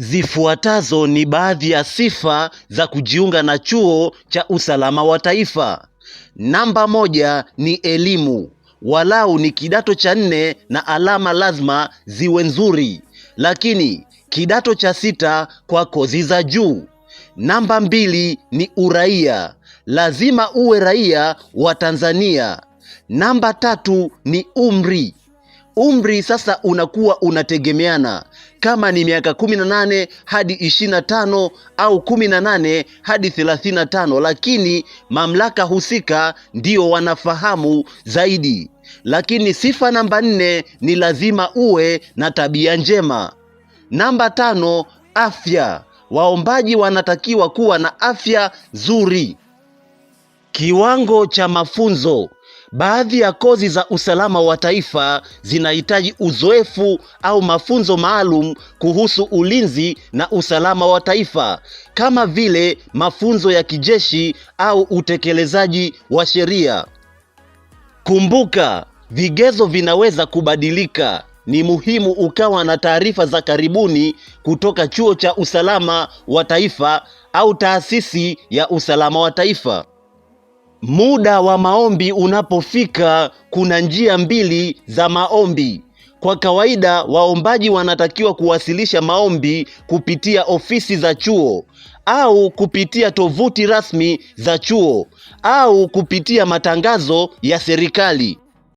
Zifuatazo ni baadhi ya sifa za kujiunga na Chuo cha Usalama wa Taifa. Namba moja ni elimu, walau ni kidato cha nne na alama lazima ziwe nzuri, lakini kidato cha sita kwa kozi za juu. Namba mbili ni uraia, lazima uwe raia wa Tanzania. Namba tatu ni umri, umri sasa unakuwa unategemeana kama ni miaka 18 hadi 25 au 18 hadi 35, lakini mamlaka husika ndio wanafahamu zaidi. Lakini sifa namba nne ni lazima uwe na tabia njema. Namba tano, afya. Waombaji wanatakiwa kuwa na afya nzuri. Kiwango cha mafunzo Baadhi ya kozi za usalama wa taifa zinahitaji uzoefu au mafunzo maalum kuhusu ulinzi na usalama wa taifa, kama vile mafunzo ya kijeshi au utekelezaji wa sheria. Kumbuka, vigezo vinaweza kubadilika. Ni muhimu ukawa na taarifa za karibuni kutoka Chuo cha Usalama wa Taifa au Taasisi ya Usalama wa Taifa. Muda wa maombi unapofika, kuna njia mbili za maombi. Kwa kawaida, waombaji wanatakiwa kuwasilisha maombi kupitia ofisi za chuo au kupitia tovuti rasmi za chuo au kupitia matangazo ya serikali.